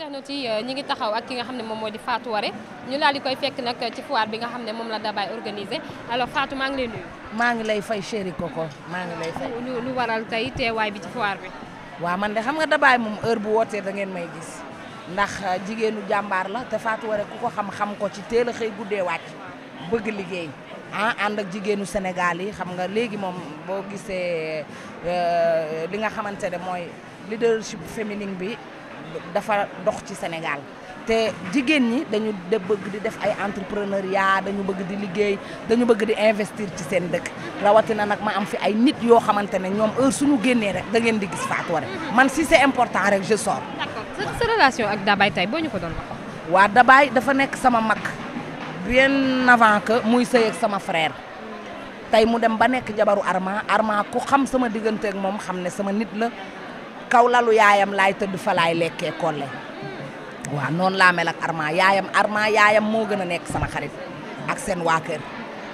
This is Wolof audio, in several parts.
internet yi euh, ñi ngi taxaw ak ki nga xam ne moom moo di Fatou Waré ñu laal di koy fekk nag ci foire bi nga xam ne moom la Dabaye organisé alors Fatou maa ngi leen nuyu. maa ngi lay fay chéri ko maa ngi lay fay. lu waral tey teewaay bi ci foire bi. waaw man de xam nga Dabaye moom heure bu wootee da ngeen may gis ndax euh, jigéenu jàmbaar la te Fatou Waré ko xam-xam ko ci teel a xëy guddee wàcc bëgg liggéey. ah ànd ak jigéenu Sénégal yi xam nga léegi moom boo gisee euh, li nga xamante ne mooy leadership féminine bi dafa dox ci Sénégal te jigéen ñi dañu de bëgg di def ay entrepreneuriat dañu bëgg di liggéey dañu bëgg di investir ci seen dëkk rawatina nag ma am fi ay nit yoo xamante ne ñoom heure suñu génnee rek da ngeen di gis Fatou mhm. man si c'est important rek je sors. d'accord ak Dabay tey boo ñu ko doon wax. waa Dabay dafa nekk sama mag bien avant que muy sëy ak sama frère mhm. tey mu dem ba nekk jabaru Arma Arma ku xam sama diggante moom xam ne sama nit la kaw lalu yaayam laay tëdd falaay laay lekkee kolle waaw noonu laa mel ak Arma yaayam Arma yaayam moo gën a nekk sama xarit ak seen waa kër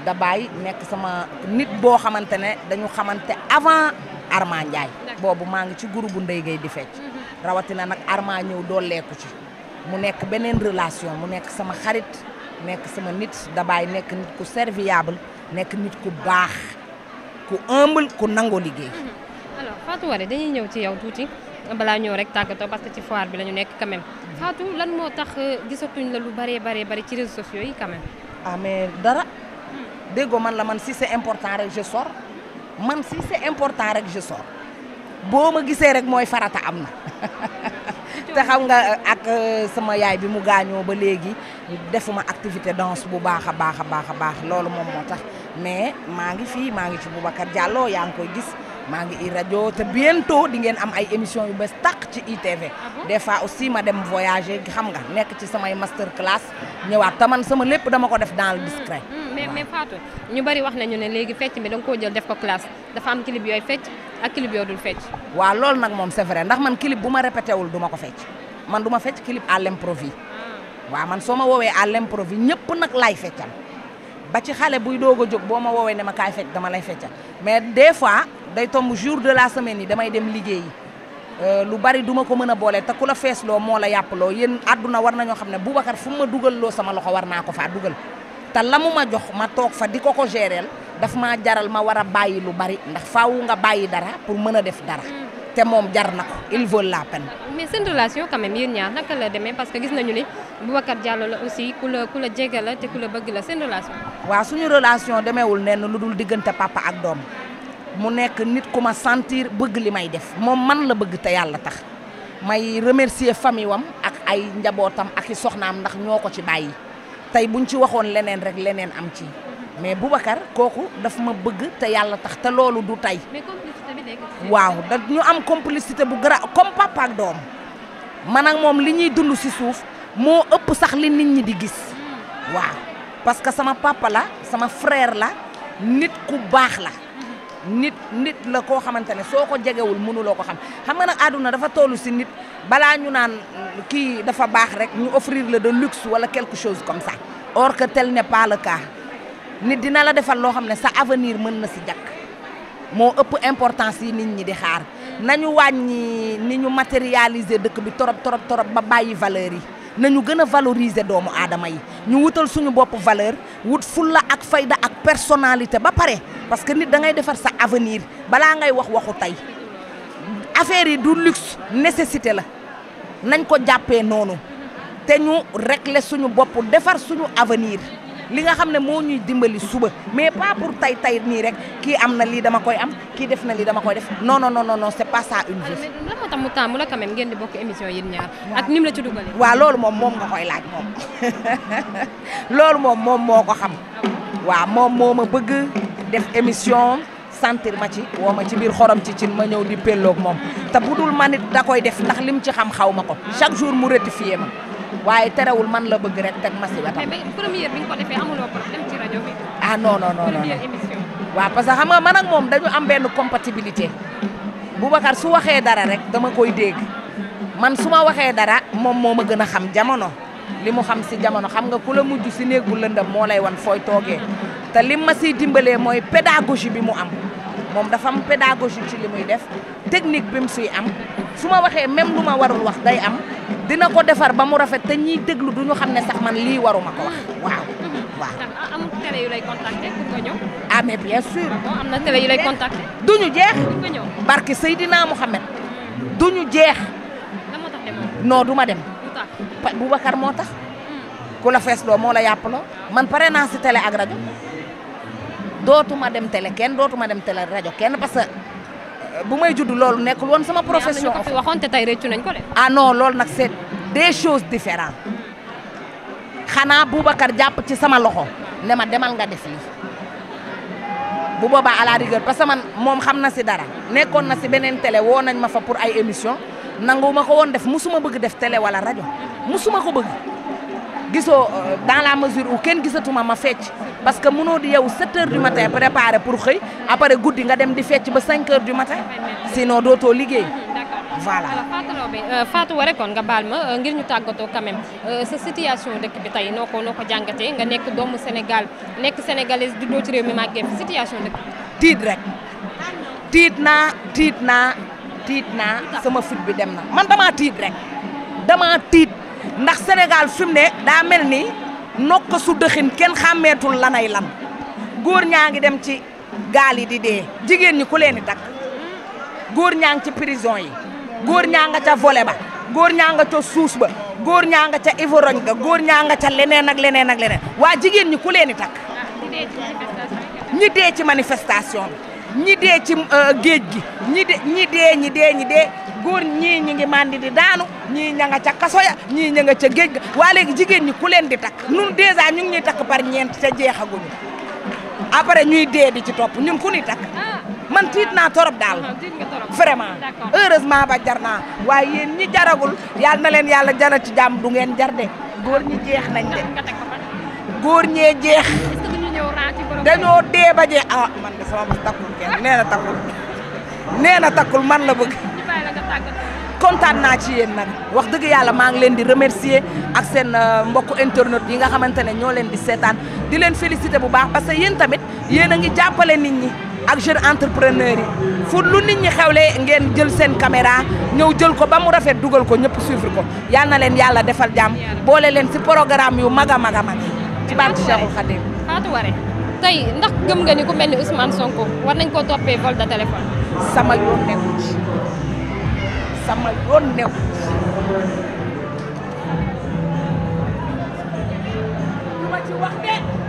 da bàyyi nekk sama nit boo xamante ne dañu xamante avant Arma Ndiaye boobu maa ngi ci groupe bu Ndeye di fecc mhm. rawatina nag Arma ñëw dooleeku ci mu nekk beneen relation mu nekk sama xarit nekk sama nit da bàyyi nekk nit ku serviable nekk nit ku baax ku humble ku nangoo liggéey mhm. alors Fatou Waré dañuy ñëw ci yow tuuti balaa ñëw rek tàggatoo parce que ci foire bi la ñu nekk quand même Fatou lan moo tax euh, gisatuñ la lu bëree bëree bëri ci réseaux sociaux yi quand même. Ah, mais dara. Hmm. déggoo man la man si c'est important rek je man si c'est important rek je boo ma gisee rek mooy farata am na te xam nga euh, ak euh, sama yaay bi mu gaañoo ba léegi defuma activité danse bu baax a baax a baax a baax loolu moom moo tax mais maa ngi fii maa ngi ci Boubacar Diallo yaa ngi koy gis. maa ngi i rajo te bientôt di ngeen am ay émission yu bees tàq ci it ah des fois aussi ma dem voyager xam nga nekk ci samay master class ñëwaat taman sama lépp dama ko def dans le discret. Mm, mm, mais mais Fatou ñu bari wax nañu ne léegi fecc mi danga nga koo jël def ko classe dafa am clip yooyu fecc ak clip yooyu dul fecc. waa loolu nag moom c'est vrai ndax man clip bu ma répété wul du ma ko fecc man du ma fecc clip à l'improviste. Ah. waaw man soo ma woowee à l'improviste ñëpp nag laay feccal ba ci xale buy doog a jóg boo ma woowee ne ma kaay fecc lay feccal day tomb jour de la semaine yi damay dem liggéeyi euh, lu bari duma ko mën a boole te ku la feesloo moo la yàppaloo yéen àdduna war na ñoo xam ne Boubacar fu mu ma dugal loo sama loxo war naa ko faa dugal te la mu ma jox ma toog fa di ko ko géreel dafa maa jaral ma war a bàyyi lu bari ndax faawu nga bàyyi dara pour mën a def dara mm. te moom jar na ko il vaut la peine. mais seen relation quand même yéen ñaar naka la demee parce que gis nañu ni Boubacar jàll la aussi ku la ku la jege la te ku bëgg la seen relation. waaw suñu relation demeewul nenn lu dul diggante papa ak mu nekk nit ku ma sentir bëgg li may def moom man la bëgg te yàlla tax may remercier famille wam ak ay njabootam ak i soxnaam ndax ñoo ko ci bàyyi tey buñ ci waxoon leneen rek leneen am ci mais Boubacar kooku dafa ma bëgg te yàlla tax te loolu du tey. waaw da ñu am complicité bu gara comme papa ak doom man ak moom li ñuy dund si suuf moo ëpp sax li nit ñi di gis hmm. waaw parce que sama papa la sama frère la nit ku baax la. nit nit la koo xamante ne soo ko jegewul mënuloo ko xam xam nga nag àdduna dafa tollu si nit balaa ñu naan kii dafa baax rek ñu offrir la de luxe wala quelque chose comme ça or que tell ne pas nit dina la defal loo xam ne sa avenir mën na si jàkk moo ëpp importance yi nit ñi di xaar nañu wàññi ni ñu matérialiser dëkk bi torop torop torop ba bàyyi valeur yi nañu gën a valoriser doomu aadama yi ñu wutal suñu boppu valeur wut fulla ak fayda ak personnalité ba pare parce que nit da ngay defar sa avenir balaa ngay wax waxu tey affaire yi du luxe nécessité la nañ ko jàppee noonu te ñu régler suñu bopp defar suñu avenir li nga xam ne moo ñuy dimbali suba mais pas pour tey tey nii rek kii am na lii dama koy am kii def na lii dama koy def non non non non c'est pas ça une vie. la moo tax bokk émission yéen ñaar. ak nim la ci dugalee. waaw loolu moom moom nga koy laaj moom loolu moom moom moo ko xam. Ah waaw moom moo ma bëgg. def émission sentir ma ci woo ma ci biir xorom ci cin ma ñëw di pelloog moom te bu dul manit it da koy def ndax lim ci xam xaw ma ko chaque jour mu rectifié ma waaye terewul man la bëgg rek teg ma si wetam. mais première bi ah, waaw parce que xam nga man nag moom dañu am benn compatibilité Boubacar su waxee dara rek dama koy dégg man su ma waxee dara moom moo ma gën a xam jamono li mu xam si jamono xam nga ku la mujj si néeg bu lëndam moo lay wan fooy toogee te lim ma siy dimbalee mooy pédagogie bi mu am moom dafa am pédagogie ci muy def technique bi mu siy am su ma waxee même lu ma warul wax day am dina ko defar ba mu rafet te ñiy déglu du ñu xam ne sax man lii waruma ko wax waaw. Mhm. waaw yu lay contacter pour nga ñëw. ah mais bien sûr. Ah yu du ñu jeex. nga ñëw barke Seydina Mouhamed. Mhm. du ñu jeex. lan moo tax dem. bu Boubacar moo tax. ku la fees loo moo la yàpp loo man pare naa si télé ak rajo dootuma dem tele kenn dootuma dem tele rajo kenn parce que euh, bu may judd loolu nekkul woon sama profession. mais am na ñu te tey rëccu nañ ko de. ah non loolu nag seet des choses différentes xanaa Boubacar jàpp ci sama loxo ne ma demal nga def lii bu boobaa à la rigueur parce que man moom xam na si dara nekkoon na si beneen télé woo nañ ma fa pour ay émission nangu ma ko woon def musuma bëgg def tele wala rajo musuma ko bëgg. gisoo euh, dans la mesure où kenn gisatuma ma fecc parce que mënoo di yow 7 heures du matin préparé pour xëy après guddi nga dem di fecc ba 5 heures du matin sinon dootoo liggéey. voilà euh, Fatou euh, ware kon nga baal ma ngir ñu tàggatoo quand sa situation dëkk bi tey noo ko noo ko jàngatee nga nekk doomu Sénégal nekk sénégalaise juddoo ci réew mi màggee fi situation dëkk bi. tiit rek tiit naa tiit naa tiit naa sama fit bi dem na man damaa tiit rek damaa tiit. ndax Sénégal fi mu ne daa mel ni nokk su dëxin kenn xàmmeetul lanay lam góor ñaa ngi dem ci gaal yi di dee jigéen ñi ku leen di takk góor ñaa ngi ci prison yi góor ñaa nga ca volet ba góor ñaa nga ca suus ba góor ñaa nga ca ivorogne ga góor ñaa nga ca leneen ak leneen ak leneen waa jigéen ñi ku leen di takk ñi dee ci manifestation bi ñi dee ci euh, géej gi ñi dee ñi dee ñi dee ñi dee góor ñii ñi ngi màndi di daanu ñii ña nga ca kaso ya ñii ña nga ca géej waa léegi jigéen ñi ku leen di takk nun dèjà ñu ngi ñuy takk par ñeent te jeexaguñu après ñuy dee di ci topp ñun ku ñuy ah. man tiit naa torop daal ah, vraiment heureusement ba jar naa waaye yéen ñi jaragul yàlla na leen yàlla jara ci jàmm du ngeen jar de góor ñi jeex nañ de góor ñee jeex dañoo dee ba jeex ah man de sama bos takkul kenn nee na takkul nee na man la bëgg kontaan naa ci yéen nag wax dëgg yàlla maa ngi leen di remercier ak seen euh, mbokku internet yi nga xamante ne ñoo leen di seetaan di leen féliciter bu baax parce que yéen tamit yéen a ngi jàppale nit ñi ak jeune entrepreneur yi fu lu nit ñi xewlee ngeen jël seen caméra ñëw jël ko ba mu rafet dugal ko ñëpp suivre ko yal leen yàlla defal jàmm boole leen si programme yu mag a mag a mag ci barke Cheikhul Khadim Fatou Waré tey ndax gëm nga ni ku mel ni Ousmane Sonko war nañ ko toppee vol de téléphone sama sama yoon new ci wax de